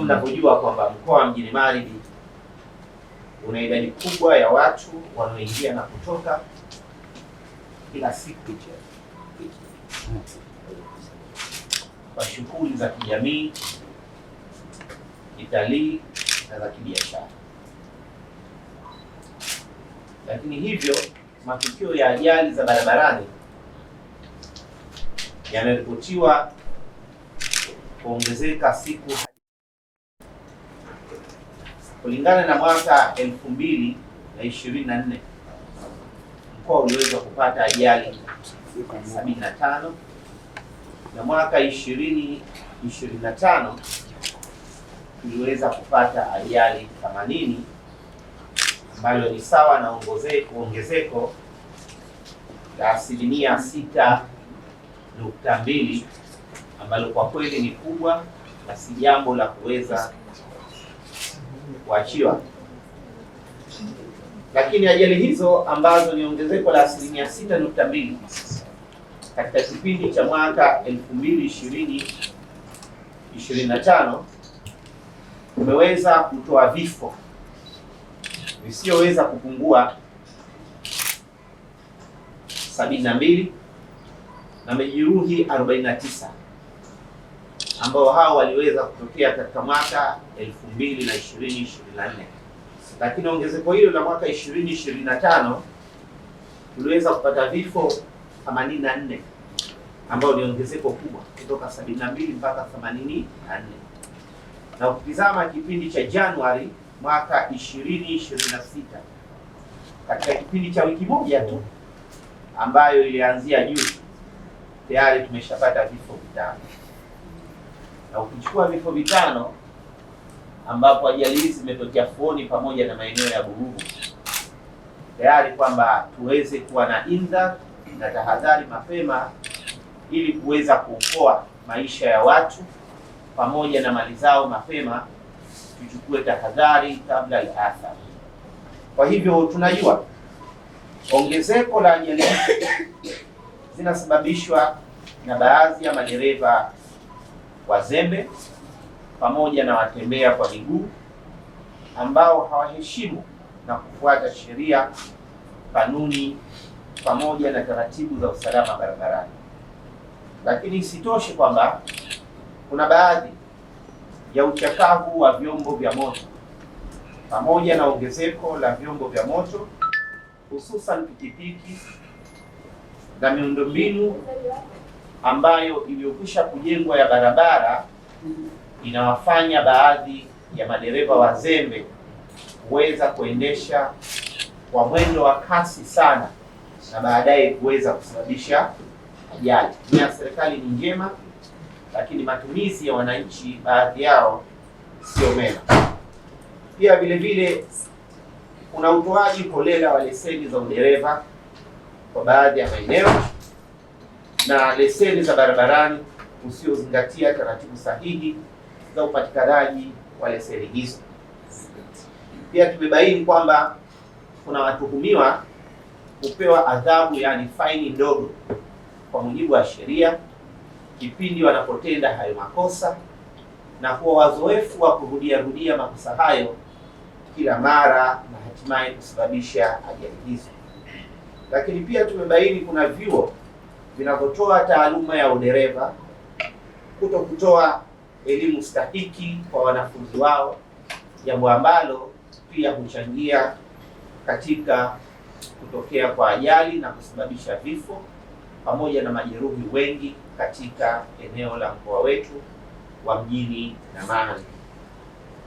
huku mnavyojua kwamba mkoa wa Mjini Magharibi una idadi kubwa ya watu wanaoingia na kutoka kila siku kwa shughuli za kijamii, kitalii na za kibiashara, lakini hivyo matukio ya ajali za barabarani yameripotiwa kuongezeka siku kulingana na mwaka elfu mbili na ishirini na nne mkoa uliweza kupata ajali 75 na mwaka 2025 uliweza kupata ajali 80 ambayo ni sawa na ongezeko la asilimia 6.2 ambalo kwa kweli ni kubwa na si jambo la kuweza kuachiwa. Lakini ajali hizo ambazo ni ongezeko la asilimia 6.2 katika kipindi cha mwaka 2020 25 umeweza kutoa vifo visiyoweza kupungua 72 na majeruhi 49 ambao hao waliweza kutokea katika mwaka 2024, lakini ongezeko hilo la mwaka 2025 tuliweza kupata vifo 84 ambayo ni ongezeko kubwa kutoka 72 mpaka 84, na ukitizama kipindi cha Januari mwaka 2026 katika kipindi cha wiki moja tu ambayo ilianzia juzi tayari tumeshapata vifo vitano na ukichukua vifo vitano ambapo ajali hizi zimetokea Fuoni pamoja na maeneo ya burugu tayari kwamba tuweze kuwa na indha na tahadhari mapema ili kuweza kuokoa maisha ya watu pamoja na mali zao mapema, tuchukue tahadhari kabla ya athari. Kwa hivyo tunajua ongezeko la ajali zinasababishwa na baadhi ya madereva wazembe pamoja na watembea kwa miguu ambao hawaheshimu na kufuata sheria, kanuni pamoja na taratibu za usalama barabarani. Lakini isitoshe kwamba kuna baadhi ya uchakavu wa vyombo vya moto pamoja na ongezeko la vyombo vya moto hususan pikipiki na miundombinu ambayo iliyokwisha kujengwa ya barabara inawafanya baadhi ya madereva wazembe kuweza kuendesha kwa mwendo wa kasi sana na baadaye kuweza kusababisha ajali. Nia ya serikali ni njema, lakini matumizi ya wananchi baadhi yao sio mema. Pia vile vile kuna utoaji holela wa leseni za udereva kwa baadhi ya maeneo na leseni za barabarani usiozingatia taratibu sahihi za upatikanaji wa leseni hizo. Pia tumebaini kwamba kuna watuhumiwa kupewa adhabu yaani faini ndogo kwa mujibu wa sheria kipindi wanapotenda hayo makosa na kuwa wazoefu wa kurudia rudia makosa hayo kila mara na hatimaye kusababisha ajali hizo. Lakini pia tumebaini kuna vyuo vinavyotoa taaluma ya udereva, kuto kutoa elimu stahiki kwa wanafunzi wao, jambo ambalo pia huchangia katika kutokea kwa ajali na kusababisha vifo pamoja na majeruhi wengi katika eneo la mkoa wetu wa Mjini na Magharibi.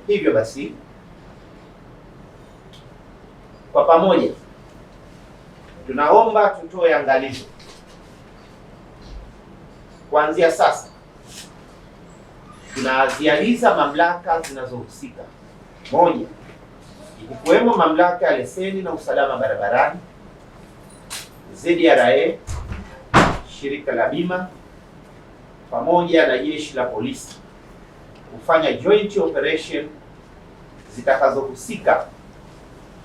Hivyo basi, kwa pamoja tunaomba tutoe angalizo Kuanzia sasa tunazializa mamlaka zinazohusika. Moja, ikikuwemo mamlaka ya leseni na usalama barabarani, ZRA, shirika la bima pamoja na jeshi la polisi kufanya joint operation zitakazohusika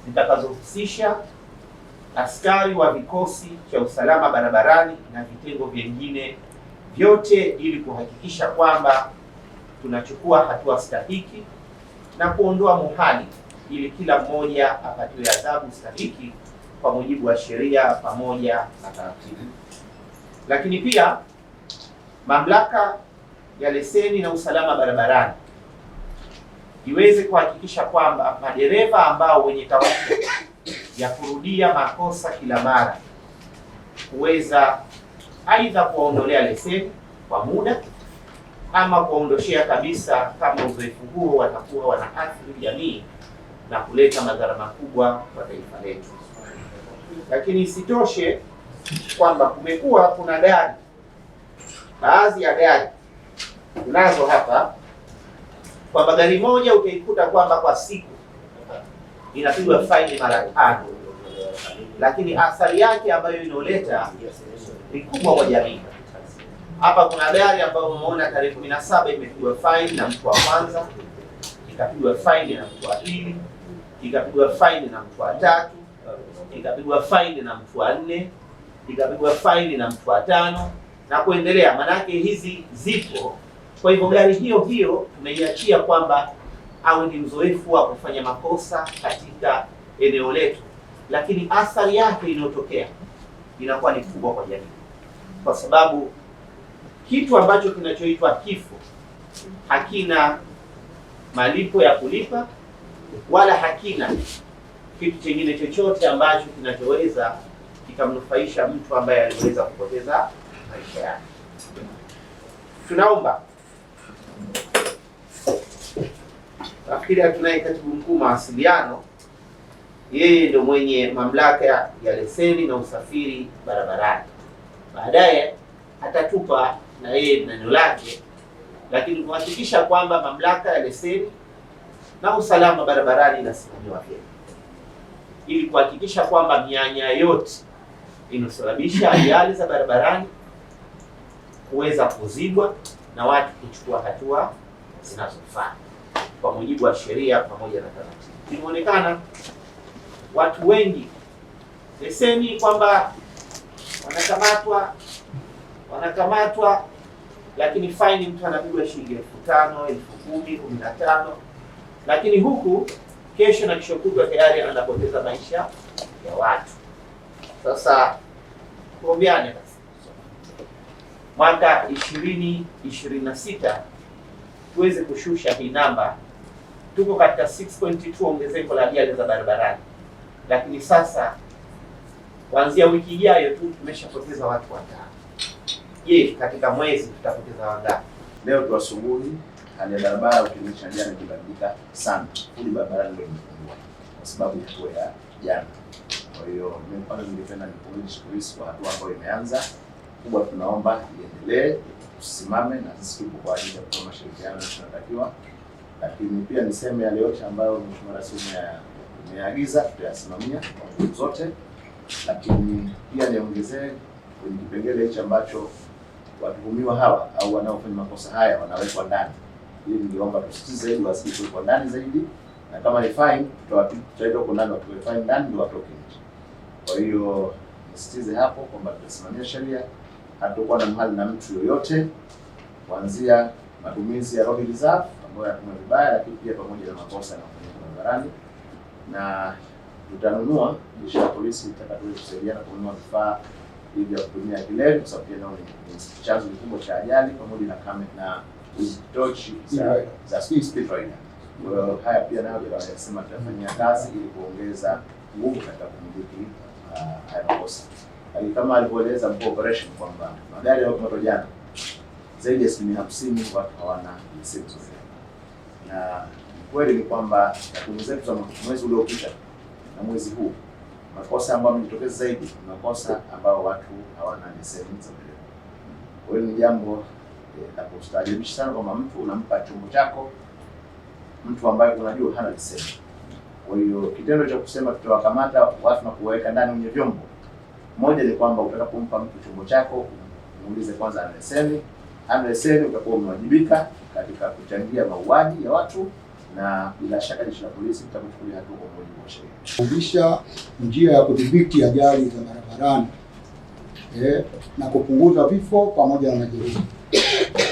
zitakazohusisha askari wa vikosi cha usalama barabarani na vitengo vingine vyote ili kuhakikisha kwamba tunachukua hatua stahiki na kuondoa muhali ili kila mmoja apatiwe adhabu stahiki kwa mujibu wa sheria pamoja na taratibu. Lakini pia mamlaka ya leseni na usalama barabarani iweze kuhakikisha kwamba madereva ambao wenye tawako ya kurudia makosa kila mara kuweza aidha kuwaondolea leseni kwa muda ama kuwaondoshea kabisa, kama uzoefu huo watakuwa wanaathiri jamii na kuleta madhara makubwa kwa taifa letu. Lakini isitoshe kwamba kumekuwa kuna gari, baadhi ya gari tunazo hapa, kwamba gari moja utaikuta kwamba kwa siku inapigwa faini mara tano lakini athari yake ambayo inoleta ni kubwa kwa jamii. Hapa kuna gari ambayo umeona tarehe kumi na saba imepigwa faini na mtu wa kwanza, ikapigwa faini na mtu wa pili, ikapigwa faini na mtu wa tatu, ikapigwa faini na mtu wa nne, ikapigwa faini na mtu wa tano na kuendelea. Maanake hizi zipo. Kwa hivyo gari hiyo hiyo tumeiachia kwamba awe ni mzoefu wa kufanya makosa katika eneo letu lakini athari yake inayotokea inakuwa ni kubwa kwa jamii, kwa sababu kitu ambacho kinachoitwa kifo hakina malipo ya kulipa wala hakina kitu chengine chochote ambacho kinachoweza kikamnufaisha mtu ambaye aliweza kupoteza maisha yake. Tunaomba, nafikiri hatunaye katibu mkuu mawasiliano yeye ndio mwenye mamlaka ya leseni na usafiri barabarani. Baadaye atatupa na yeye neno lake, lakini kuhakikisha kwamba mamlaka ya leseni na usalama barabarani inasimamiwa vyema, ili kuhakikisha kwamba mianya yote inasababisha ajali za barabarani kuweza kuzibwa na watu kuchukua hatua zinazofaa kwa mujibu wa sheria pamoja na taratibu. Imeonekana watu wengi leseni kwamba wanakamatwa wanakamatwa, lakini faini mtu anapigwa shilingi elfu tano elfu kumi kumi na tano lakini huku kesho na kesho kutwa tayari anapoteza maisha ya watu. Sasa kuombeane basi, mwaka ishirini ishirini na sita tuweze kushusha hii namba. Tuko katika 6.2 ongezeko la ajali za barabarani lakini sasa kuanzia wiki ijayo tu tumeshapoteza watu watano. Je, katika mwezi tutapoteza wangapi? Leo tu asubuhi hali ya barabara ukionyesha jana imebadilika sana. Hili barabara ndio imefungua kwa sababu mvua ya jana. Kwa hiyo mimi kwanza ningependa nipongeze siku hizi kwa hatua ambayo imeanza kubwa, tunaomba iendelee, tusimame na sisi tupo kwa ajili ya kutoa mashirikiano tunatakiwa, lakini pia niseme yale yote ambayo mheshimiwa ya nimeagiza tutayasimamia kwa nguvu zote, lakini pia niongezee kwenye kipengele hichi ambacho watuhumiwa hawa au wanaofanya makosa haya wanawekwa ndani. ili niliomba tusitize ili wasije kuwekwa ndani zaidi, na kama ni fine tutawaita kwa ndani, watoe fine ndani ndio watoke nje. Kwa hiyo nisitize hapo kwamba tutasimamia sheria, hatakuwa na mhali na mtu yoyote, kuanzia matumizi ya road reserve ambayo yanatumia vibaya, lakini pia pamoja na makosa yanayofanyika barabarani na tutanunua jeshi la polisi litakalotusaidiana kununua vifaa hivi vya kutumia kilele, kwa sababu pia nao ni chanzo kikubwa cha ajali pamoja na kame na tochi za speed rider. Kwa hiyo haya pia nayo tunasema tutafanyia kazi ili kuongeza nguvu katika kumiliki uh, haya makosa, lakini kama alivyoeleza mkuu operation kwamba magari yaliyokamatwa jana zaidi ya asilimia hamsini watu hawana leseni na kweli ni kwamba takwimu zetu za mwezi uliopita na mwezi huu, makosa ambayo yamejitokeza zaidi ni makosa ambayo watu hawana leseni za udereva. Kwa hiyo ni jambo eh, la kustaajabisha sana kwamba mtu unampa chombo chako mtu ambaye unajua hana leseni. Kwa hiyo kitendo cha kusema tutawakamata watu na kuwaweka ndani kwenye vyombo, moja ni kwamba utaka kumpa mtu chombo chako muulize kwanza ana leseni. Ana leseni, utakuwa umewajibika katika kuchangia mauaji ya watu na bila shaka jeshi la polisi mtakuchukulia hatua kwa mujibu wa sheria. Kubisha njia ya kudhibiti ajali za barabarani eh, na kupunguza vifo pamoja na majeruhi.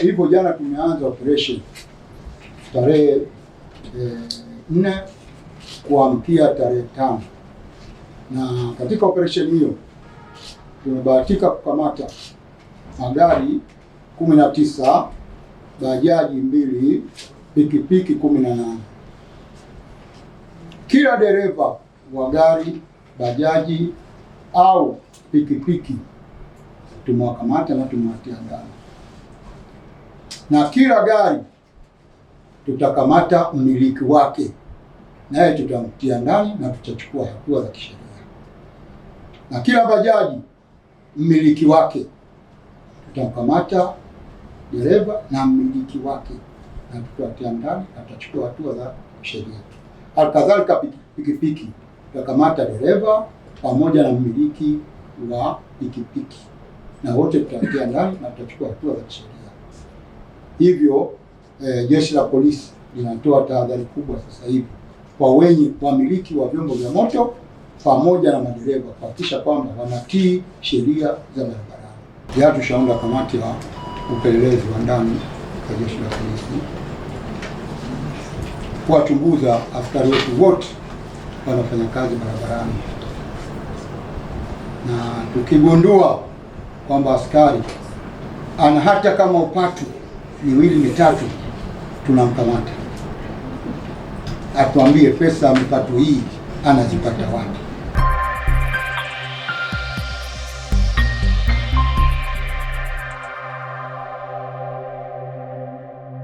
Hivyo jana tumeanza operation tarehe eh, nne kuamkia tarehe tano, na katika operation hiyo tumebahatika kukamata magari kumi na tisa bajaji mbili pikipiki kumi na nane. Kila dereva wa gari, bajaji au pikipiki tumewakamata na tumewatia ndani, na kila gari tutakamata mmiliki wake, naye tutamtia ndani na tutachukua hatua za kisheria, na kila bajaji mmiliki wake tutamkamata dereva na mmiliki wake na tutatia ndani na tutachukua hatua za sheria. Alkadhalika, pikipiki tutakamata dereva pamoja na mmiliki wa pikipiki na wote tutatia ndani na tutachukua hatua za sheria. Hivyo eh, jeshi la polisi linatoa tahadhari kubwa sasa hivi kwa wenye wamiliki wa vyombo vya moto pamoja na madereva kuhakikisha kwamba wanatii sheria za barabarani. Tushaunda kamati ya upelelezi wa ndani kwa jeshi la polisi kuwachunguza askari wetu wote wanafanya kazi barabarani, na tukigundua kwamba askari ana hata kama upatu miwili mitatu, tunamkamata atuambie pesa mipato hii anazipata wapi.